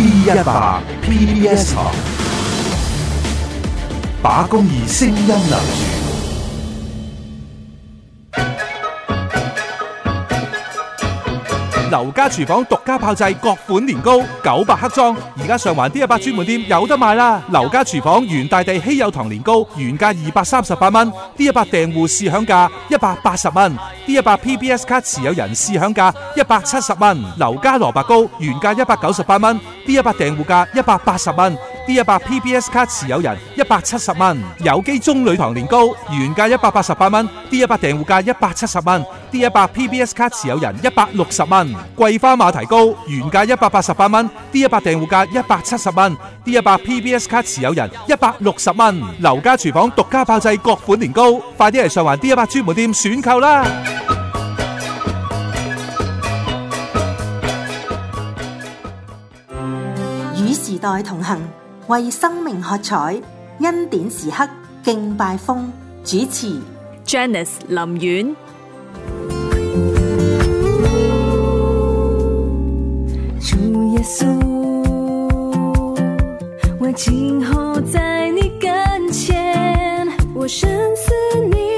P 一百 PBS 台，把公義聲音留住。劉家廚房獨家炮製各款年糕，九百克裝，而家上環 D 一百專門店有得賣啦！劉家廚房原大地稀有糖年糕原價二百三十八蚊，D 一百訂戶試享價一百八十蚊，D 一百 PBS 卡持有人試享價一百七十蚊。劉家蘿蔔糕原價一百九十八蚊，D 一百訂戶價一百八十蚊。D 一百 PBS 卡持有人一百七十蚊有機棕櫚糖年糕原價一百八十八蚊，D 一百訂戶價一百七十蚊。D 一百 PBS 卡持有人一百六十蚊。桂花馬蹄糕原價一百八十八蚊，D 一百訂戶價一百七十蚊。D 一百 PBS 卡持有人一百六十蚊。留家廚房獨家炮製各款年糕，快啲嚟上環 D 一百專門店選購啦！與時代同行。為生命喝彩，恩典時刻敬拜風。風主持 Janice 林苑。主耶穌，我今後在你跟前，我深思你。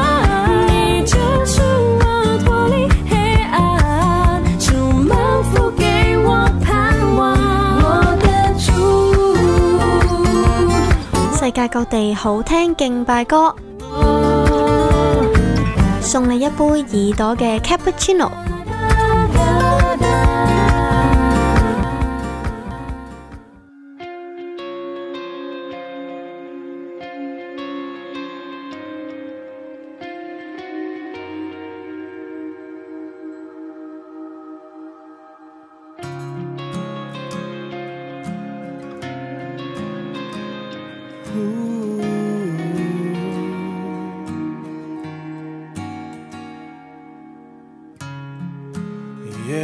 世界各地好聽敬拜歌，送你一杯耳朵嘅 cappuccino。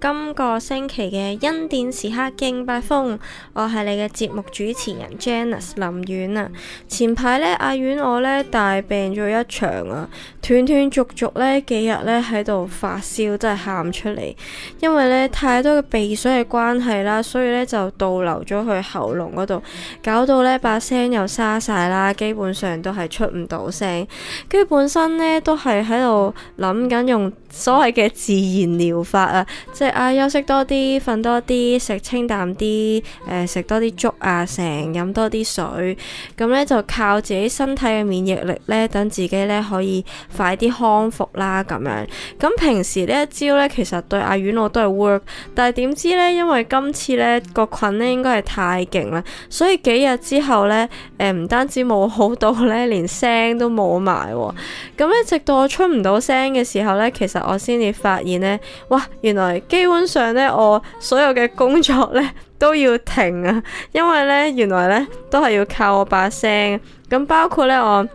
今個星期嘅恩典時刻敬拜風，我係你嘅節目主持人 Janice 林苑啊。前排呢，阿苑我呢大病咗一場啊，斷斷續續呢幾日呢喺度發燒，真係喊出嚟。因為呢太多嘅鼻水嘅關係啦，所以呢就倒流咗去喉嚨嗰度，搞到呢把聲又沙晒啦，基本上都係出唔到聲。跟住本身呢都係喺度諗緊用所謂嘅自然療法啊，即係。啊！休息多啲，瞓多啲，食清淡啲，誒、呃、食多啲粥啊，成日飲多啲水，咁咧就靠自己身體嘅免疫力咧，等自己咧可以快啲康復啦，咁樣。咁平時呢一朝咧，其實對阿遠我都係 work，但係點知咧，因為今次咧個菌咧應該係太勁啦，所以幾日之後咧，誒、呃、唔單止冇好到咧，連聲都冇埋。咁咧直到我出唔到聲嘅時候咧，其實我先至發現咧，哇原來基本上咧，我所有嘅工作咧都要停啊，因為咧原來咧都係要靠我把聲，咁包括咧我。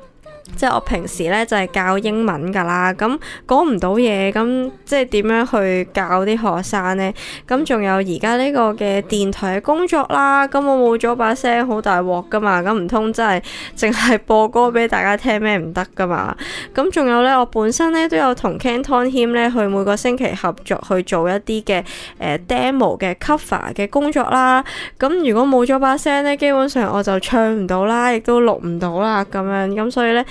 即係我平時咧就係、是、教英文噶啦，咁、嗯、講唔到嘢，咁、嗯、即係點樣去教啲學生呢？咁、嗯、仲有而家呢個嘅電台嘅工作啦，咁、嗯、我冇咗把聲好大鑊噶嘛，咁唔通真係淨係播歌俾大家聽咩唔得噶嘛？咁、嗯、仲有呢，我本身呢都有同 Cantonian 咧去每個星期合作去做一啲嘅誒、呃、demo 嘅 cover 嘅工作啦。咁、嗯、如果冇咗把聲呢，基本上我就唱唔到啦，亦都錄唔到啦咁樣。咁、嗯、所以呢。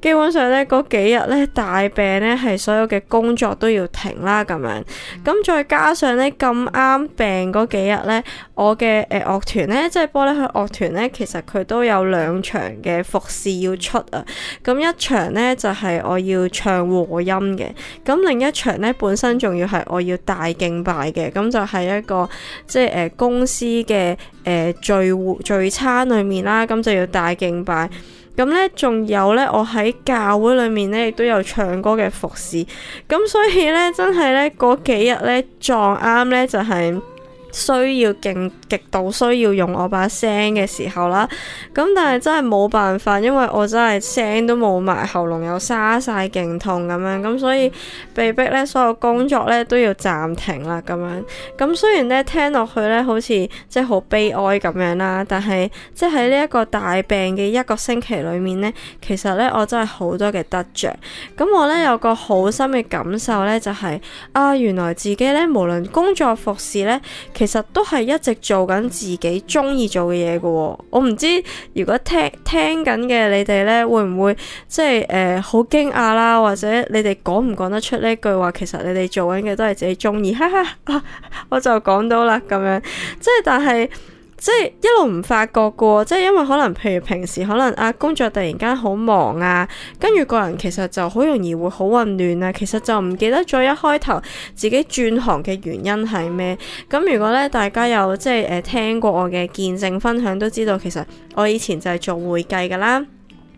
基本上咧，嗰幾日咧大病咧，係所有嘅工作都要停啦，咁樣。咁再加上咧，咁啱病嗰幾日咧，我嘅誒樂團咧，即係玻璃器樂團咧，其實佢都有兩場嘅服侍要出啊。咁一場咧就係、是、我要唱和音嘅，咁另一場咧本身仲要係我要大敬拜嘅，咁就係一個即係誒、呃、公司嘅誒、呃、聚會聚餐裏面啦，咁就要大敬拜。咁咧，仲有咧，我喺教會裏面咧，亦都有唱歌嘅服侍。咁所以咧、就是，真係咧，嗰幾日咧撞啱咧，就係，需要勁極度需要用我把聲嘅時候啦，咁但係真係冇辦法，因為我真係聲都冇埋，喉嚨又沙晒，勁痛咁樣，咁所以被逼咧所有工作咧都要暫停啦咁樣。咁雖然咧聽落去咧好似即係好悲哀咁樣啦，但係即係喺呢一個大病嘅一個星期裏面咧，其實咧我真係好多嘅得着。咁我咧有個好深嘅感受咧，就係啊原來自己咧無論工作服侍咧。其實都係一直做緊自己中意做嘅嘢㗎喎，我唔知如果聽聽緊嘅你哋呢，會唔會即係誒好驚訝啦，或者你哋講唔講得出呢句話？其實你哋做緊嘅都係自己中意，哈哈，啊、我就講到啦咁樣，即係但係。即係一路唔發覺嘅，即係因為可能譬如平時可能啊工作突然間好忙啊，跟住個人其實就好容易會好混亂啊，其實就唔記得咗一開頭自己轉行嘅原因係咩。咁如果咧大家有即係誒聽過我嘅見證分享，都知道其實我以前就係做會計㗎啦。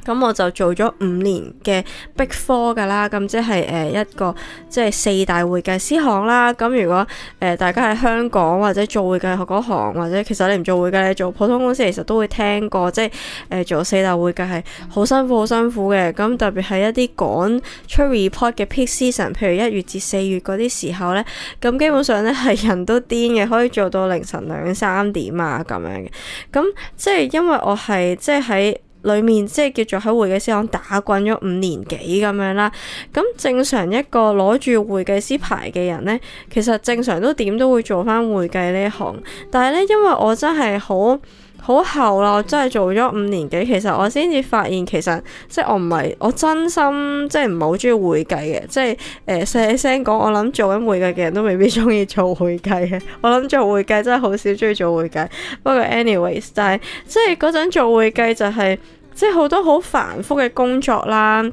咁我就做咗五年嘅 Big 4㗎啦，咁即係誒一個即係、就是、四大會計師行啦。咁如果誒、呃、大家喺香港或者做會計學嗰行，或者其實你唔做會計，做普通公司其實都會聽過，即係誒做四大會計係好辛苦好辛苦嘅。咁特別係一啲趕出 report 嘅 peak season，譬如一月至四月嗰啲時候咧，咁基本上咧係人都癲嘅，可以做到凌晨兩三點啊咁樣嘅。咁即係因為我係即係喺。就是裡面即係叫做喺會計師行打滾咗五年幾咁樣啦，咁正常一個攞住會計師牌嘅人呢，其實正常都點都會做返會計呢行，但係呢，因為我真係好。好後啦，真係做咗五年幾，其實我先至發現，其實即係我唔係，我真心即係唔係好中意會計嘅，即係誒，細、呃、聲講，我諗做緊會計嘅人都未必中意做會計嘅，我諗做會計真係好少中意做會計。不過 anyways，但係即係嗰陣做會計就係、是、即係好多好繁複嘅工作啦。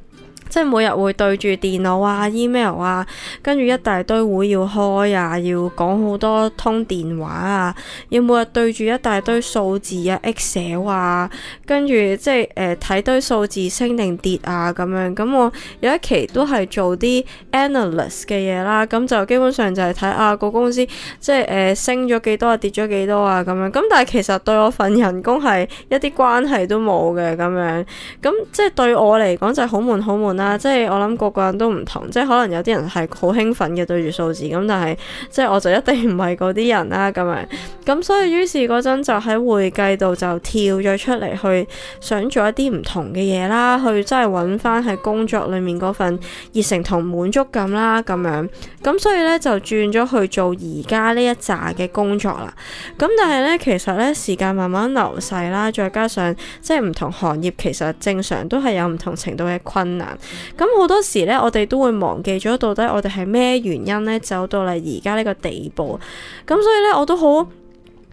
即係每日會對住電腦啊、email 啊，跟住一大堆會要開啊，要講好多通電話啊，要每日對住一大堆數字啊、Excel 啊，跟住即係誒睇堆數字升定跌啊咁樣。咁我有一期都係做啲 analyst 嘅嘢啦，咁就基本上就係睇啊個公司即係誒升咗幾多啊、跌咗幾多啊咁樣。咁但係其實對我份人工係一啲關係都冇嘅咁樣。咁即係對我嚟講就係好悶好悶。即係我諗個個人都唔同，即係可能有啲人係好興奮嘅對住數字咁，但係即係我就一定唔係嗰啲人啦。咁樣咁，所以於是嗰陣就喺會計度就跳咗出嚟，去想做一啲唔同嘅嘢啦，去真係揾翻喺工作裏面嗰份熱誠同滿足感啦。咁樣咁，所以呢，就轉咗去做而家呢一扎嘅工作啦。咁但係呢，其實呢時間慢慢流逝啦，再加上即係唔同行業，其實正常都係有唔同程度嘅困難。咁好多時咧，我哋都會忘記咗到底我哋係咩原因咧，走到嚟而家呢個地步。咁所以咧，我都好，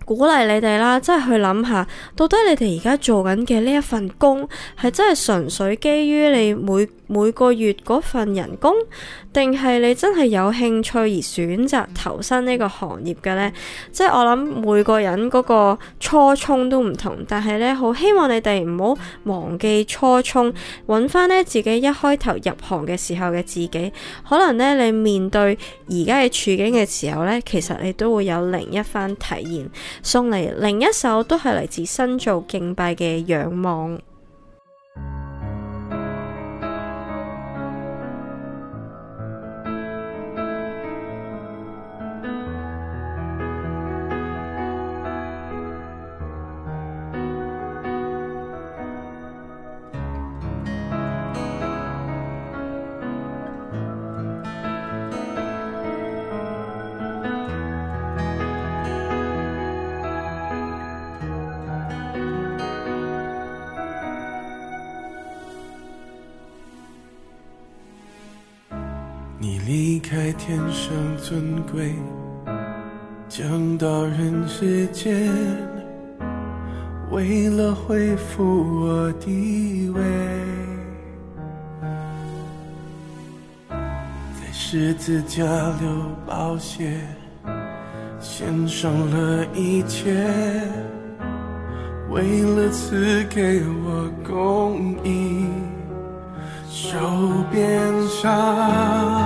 鼓勵你哋啦，即係去諗下，到底你哋而家做緊嘅呢一份工係真係純粹基於你每每個月嗰份人工，定係你真係有興趣而選擇投身呢個行業嘅呢？即係我諗每個人嗰個初衷都唔同，但係呢，好希望你哋唔好忘記初衷，揾翻呢自己一開頭入行嘅時候嘅自己，可能呢，你面對而家嘅處境嘅時候呢，其實你都會有另一番體驗。送嚟另一首都係嚟自新造敬拜嘅仰望。尊貴降到人世間，為了恢復我地位，在十字架流寶血，獻上了一切，為了賜給我公義，受鞭傷。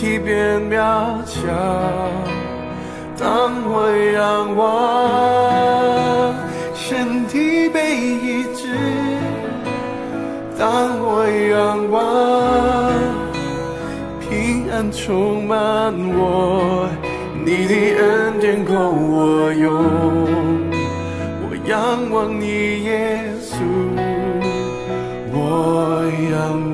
天變渺小，當我仰望，身體被醫治，當我仰望，平安充滿我，你的恩典夠我用，我仰望你耶穌，我仰望。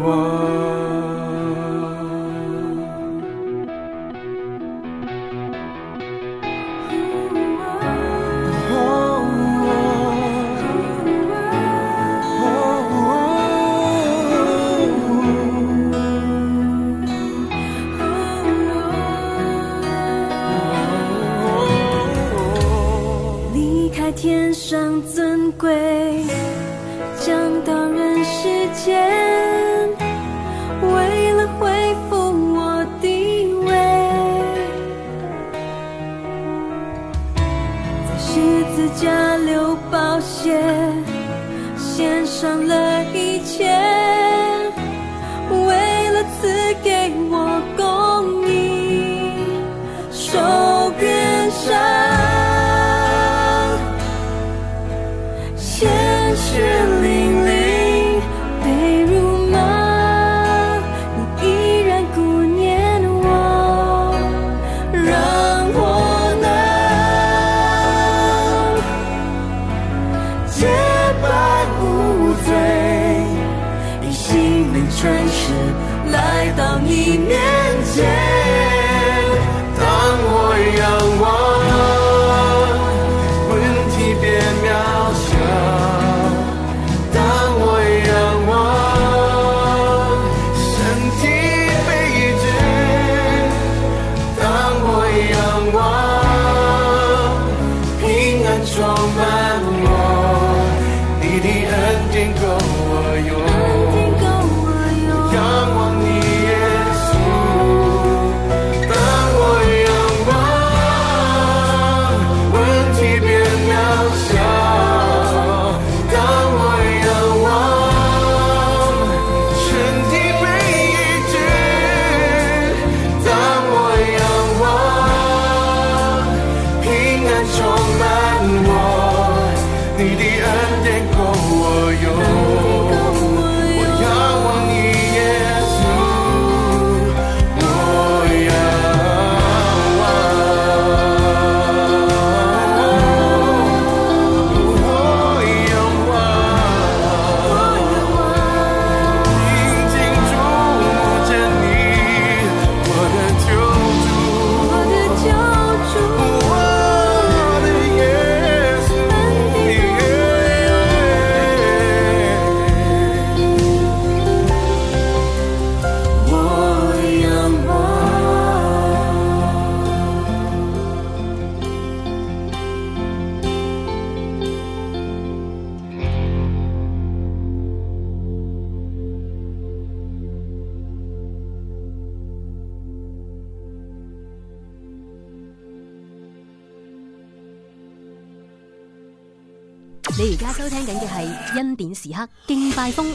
一年前。恩典時刻，敬拜風。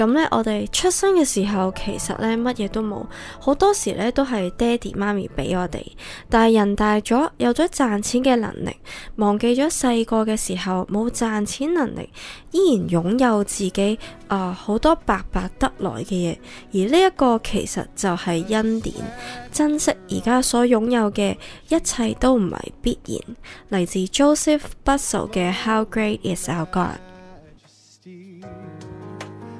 咁咧，我哋出生嘅時候其實咧乜嘢都冇，好多時咧都係爹哋媽咪俾我哋。但係人大咗，有咗賺錢嘅能力，忘記咗細個嘅時候冇賺錢能力，依然擁有自己啊，呃，好多白白得來嘅嘢。而呢一個其實就係恩典，珍惜而家所擁有嘅一切都唔係必然。嚟自 Joseph Bushall 嘅 How Great Is Our God。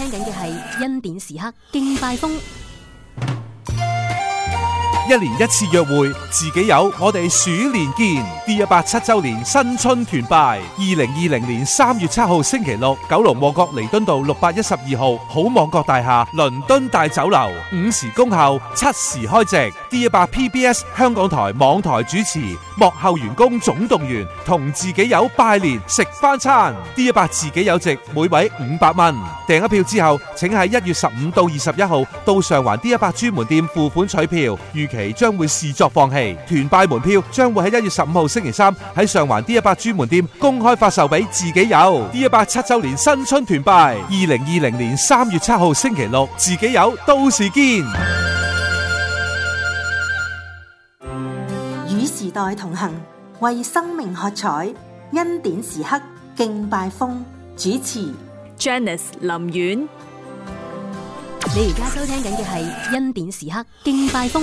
聽緊嘅係恩典時刻敬拜風。一年一次約會，自己有我哋鼠年見 D100 七周年新春團拜，二零二零年三月七號星期六，九龍旺角彌敦道六百一十二號好望角大廈倫敦大酒樓，五時恭候，七時開席。D100 PBS 香港台網台主持，幕後員工總動員同自己有拜年食翻餐。D100 自己有席，每位五百蚊，訂咗票之後，請喺一月十五到二十一號到上環 D100 專門店付款取票，預期。將會視作放棄團拜門票，將會喺一月十五號星期三喺上環 D100 專門店公開發售俾自己有 D100 七周年新春團拜，二零二零年三月七號星期六，自己有到時見。與時代同行，為生命喝彩，恩典時刻敬拜風主持 Janice 林苑。你而家收聽緊嘅係恩典時刻敬拜風。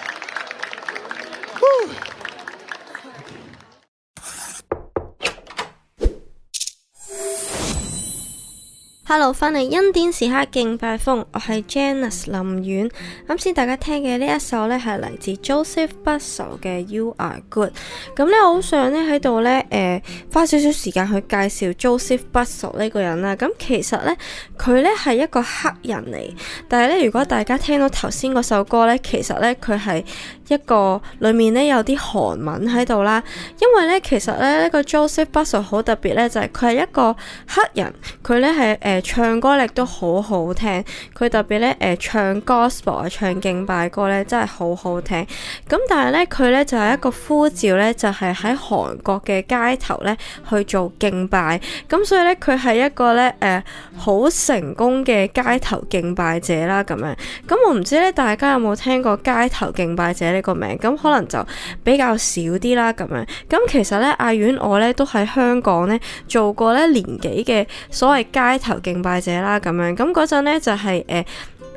Hello，翻嚟恩典時刻敬拜風，我係 Janice 林苑。啱先大家聽嘅呢一首呢，係嚟自 Joseph Bussell、er、嘅 You Are Good。咁、嗯、呢，我好想呢喺度呢，誒，花少少時間去介紹 Joseph Bussell、er、呢個人啦。咁、嗯、其實呢，佢呢係一個黑人嚟，但係呢，如果大家聽到頭先嗰首歌呢，其實呢，佢係。一個裏面咧有啲韓文喺度啦，因為咧其實咧呢個 Joseph Baso 好、er、特別咧，就係佢係一個黑人，佢咧係誒唱歌力都好好聽，佢特別咧誒唱 gospel 啊，唱敬拜歌咧真係好好聽，咁但係咧佢咧就係、是、一個呼召咧，就係喺韓國嘅街頭咧去做敬拜，咁所以咧佢係一個咧誒好成功嘅街頭敬拜者啦咁樣，咁我唔知咧大家有冇聽過街頭敬拜者咧？個名咁可能就比較少啲啦，咁樣，咁其實咧，阿苑我咧都喺香港咧做過咧年幾嘅所謂街頭敬拜者啦，咁樣，咁嗰陣咧就係、是、誒。呃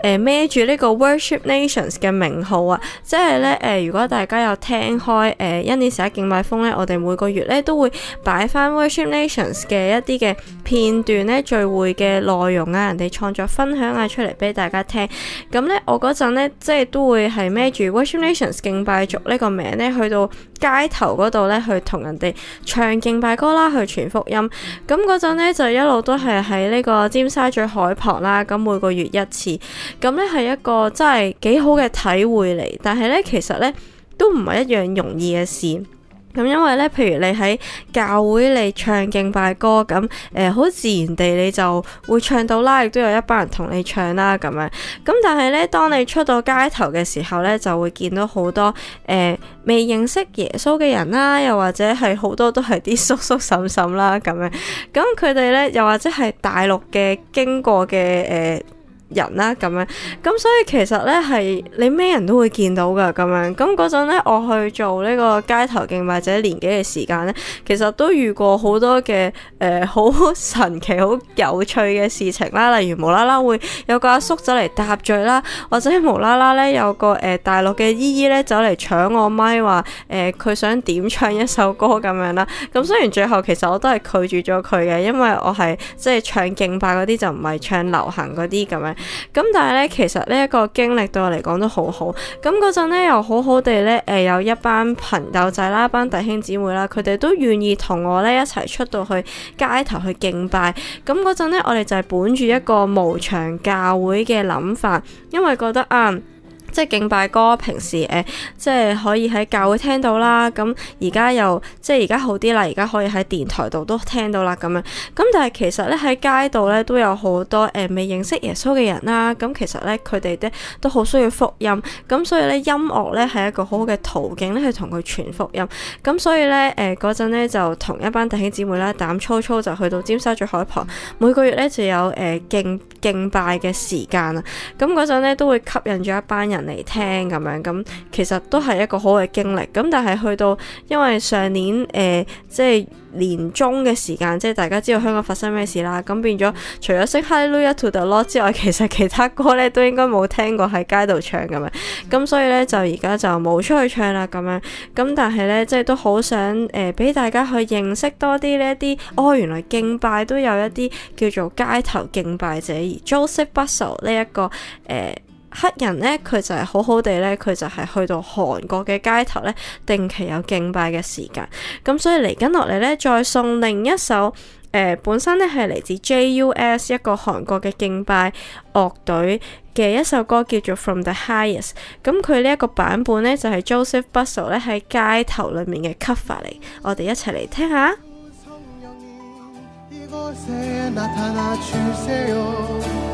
誒孭住呢個 Worship Nations 嘅名號啊，即係咧誒，如果大家有聽開誒一、呃、年十一敬拜風咧，我哋每個月咧都會擺翻 Worship Nations 嘅一啲嘅片段咧，聚會嘅內容啊，人哋創作分享啊出嚟俾大家聽。咁、嗯、咧，那我嗰陣咧即係都會係孭住 Worship Nations 敬拜族呢個名咧，去到街頭嗰度咧，去同人哋唱敬拜歌啦，去傳福音。咁嗰陣咧就一路都係喺呢個尖沙咀海旁啦，咁、嗯、每個月一次。咁咧係一個真係幾好嘅體會嚟，但係咧其實咧都唔係一樣容易嘅事。咁因為咧，譬如你喺教會你唱敬拜歌，咁誒好自然地你就會唱到啦，亦都有一班人同你唱啦咁樣。咁但係咧，當你出到街頭嘅時候咧，就會見到好多誒、呃、未認識耶穌嘅人啦，又或者係好多都係啲叔叔嬸嬸啦咁樣。咁佢哋咧又或者係大陸嘅經過嘅誒。呃人啦咁樣，咁所以其實咧係你咩人都會見到噶咁樣。咁嗰陣咧，我去做呢個街頭敬拜者年幾嘅時間咧，其實都遇過好多嘅誒好神奇、好有趣嘅事情啦。例如無啦啦會有個阿叔走嚟搭佢啦，或者無啦啦咧有個誒、呃、大陸嘅姨姨咧走嚟搶我咪話誒佢想點唱一首歌咁樣啦。咁雖然最後其實我都係拒絕咗佢嘅，因為我係即係唱敬拜嗰啲就唔係唱流行嗰啲咁樣。咁但係咧，其實呢一個經歷對我嚟講都好好。咁嗰陣咧，又好好地咧，誒，有一班朋友仔啦，一班弟兄姊妹啦，佢哋都願意同我咧一齊出到去街頭去敬拜。咁嗰陣咧，我哋就係本住一個無牆教會嘅諗法，因為覺得啊。即係敬拜歌，平時誒、呃，即係可以喺教會聽到啦。咁而家又即係而家好啲啦，而家可以喺電台度都聽到啦咁樣。咁但係其實咧喺街度咧都有好多誒、呃、未認識耶穌嘅人啦。咁、啊、其實咧佢哋咧都好需要福音。咁、啊、所以咧，音樂咧係一個好好嘅途徑咧去同佢傳福音。咁、啊、所以咧誒嗰陣咧就同一班弟兄姊妹啦，膽粗粗就去到尖沙咀海旁，每個月咧就有誒、呃、敬敬拜嘅時間啊。咁嗰陣咧都會吸引咗一班人嚟聽咁樣咁，其實都係一個好嘅經歷。咁但係去到，因為上年誒、呃，即係年中嘅時間，即係大家知道香港發生咩事啦。咁變咗，除咗識《Hallelujah to the Lord》之外，其實其他歌咧都應該冇聽過喺街度唱咁樣。咁所以咧就而家就冇出去唱啦。咁樣咁，但係咧即係都好想誒，俾、呃、大家去認識多啲呢一啲。哦，原來敬拜都有一啲叫做街頭敬拜者，而鄒式不愁」呢一個誒。黑人呢，佢就係好好地呢。佢就係去到韓國嘅街頭呢，定期有敬拜嘅時間。咁所以嚟緊落嚟呢，再送另一首誒、呃，本身呢係嚟自 JUS 一個韓國嘅敬拜樂隊嘅一首歌，叫做 From the Highest。咁佢呢一個版本呢，就係、是、Joseph Bussell 呢喺街頭裏面嘅 cover 嚟。我哋一齊嚟聽下。嗯。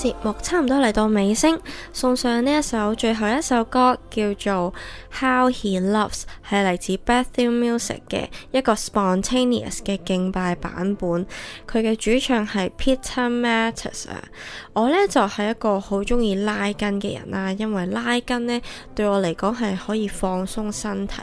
節目差唔多嚟到尾聲，送上呢一首最後一首歌，叫做《How He Loves》，係嚟自 Bethel Music 嘅一個 Spontaneous 嘅敬拜版本。佢嘅主唱係 Peter Mattes 啊。我呢就係、是、一個好中意拉筋嘅人啦，因為拉筋呢對我嚟講係可以放鬆身體。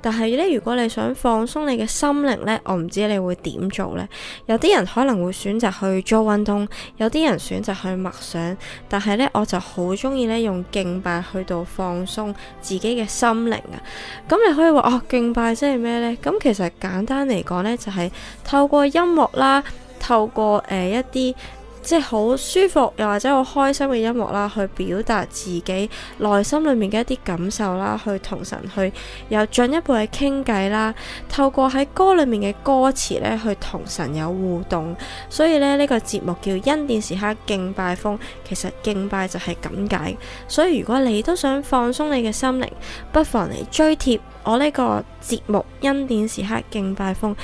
但係呢，如果你想放鬆你嘅心靈呢，我唔知你會點做呢？有啲人可能會選擇去做運動，有啲人選擇去想，但係咧，我就好中意咧用敬拜去到放鬆自己嘅心靈啊！咁你可以話哦，敬拜即係咩呢？咁其實簡單嚟講呢，就係、是、透過音樂啦，透過誒、呃、一啲。即係好舒服，又或者好開心嘅音樂啦，去表達自己內心裏面嘅一啲感受啦，去同神去有進一步嘅傾偈啦，透過喺歌裏面嘅歌詞呢，去同神有互動。所以呢，呢個節目叫恩典時刻敬拜風，其實敬拜就係咁解。所以如果你都想放鬆你嘅心靈，不妨嚟追貼。我呢個節目《恩典時刻敬拜風》，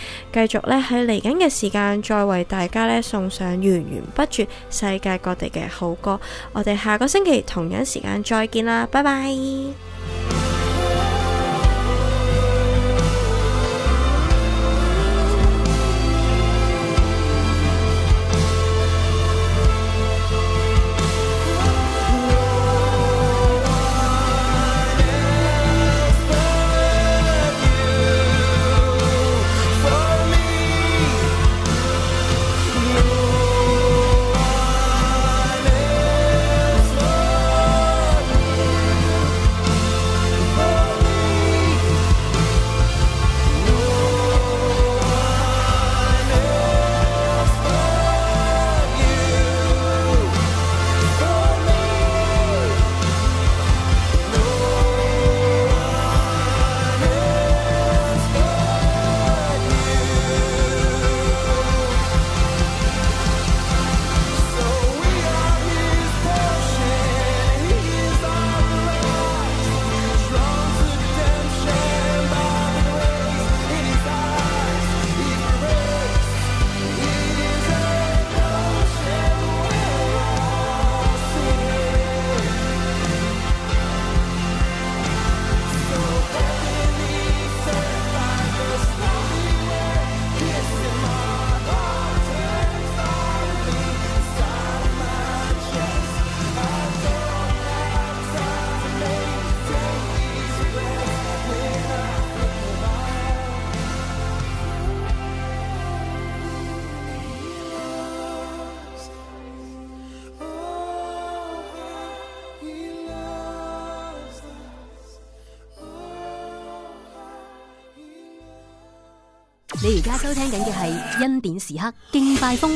繼續呢喺嚟緊嘅時間，再為大家呢送上源源不絕世界各地嘅好歌。我哋下個星期同樣時間再見啦，拜拜。你而家收聽緊嘅係恩典時刻敬拜風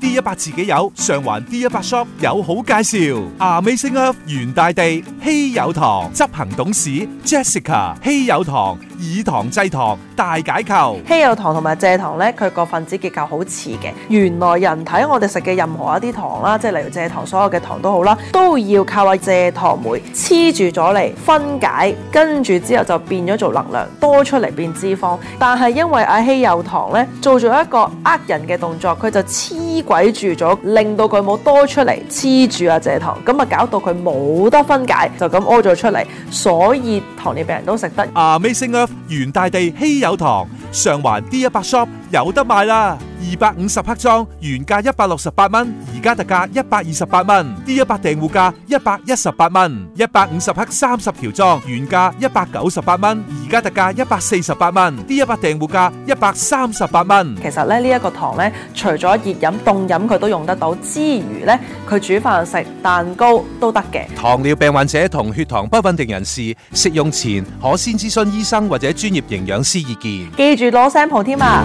，D100 自己有上環 D100 shop 有好介紹，Amazing Earth 元大地稀有堂執行董事 Jessica 稀有堂。以糖制糖大解構，稀有糖同埋蔗糖呢，佢個分子結構好似嘅。原來人體我哋食嘅任何一啲糖啦，即係例如蔗糖，所有嘅糖都好啦，都要靠個、啊、蔗糖酶黐住咗嚟分解，跟住之後就變咗做能量，多出嚟變脂肪。但係因為阿、啊、稀有糖呢，做咗一個呃人嘅動作，佢就黐鬼住咗，令到佢冇多出嚟黐住阿、啊、蔗糖，咁啊搞到佢冇得分解，就咁屙咗出嚟。所以糖尿病人都食得。Amazing 啊！原大地稀有堂上環 D 一百 shop 有得賣啦！二百五十克裝，原價一百六十八蚊，而家特價一百二十八蚊。D 一百訂戶價一百一十八蚊。一百五十克三十條裝，原價一百九十八蚊，而家特價一百四十八蚊。D 一百訂戶價一百三十八蚊。其實咧，呢一個糖咧，除咗熱飲、凍飲佢都用得到之餘咧，佢煮飯食蛋糕都得嘅。糖尿病患者同血糖不穩定人士食用前，可先諮詢醫生或者專業營養師意見。記住攞 sample 添啊！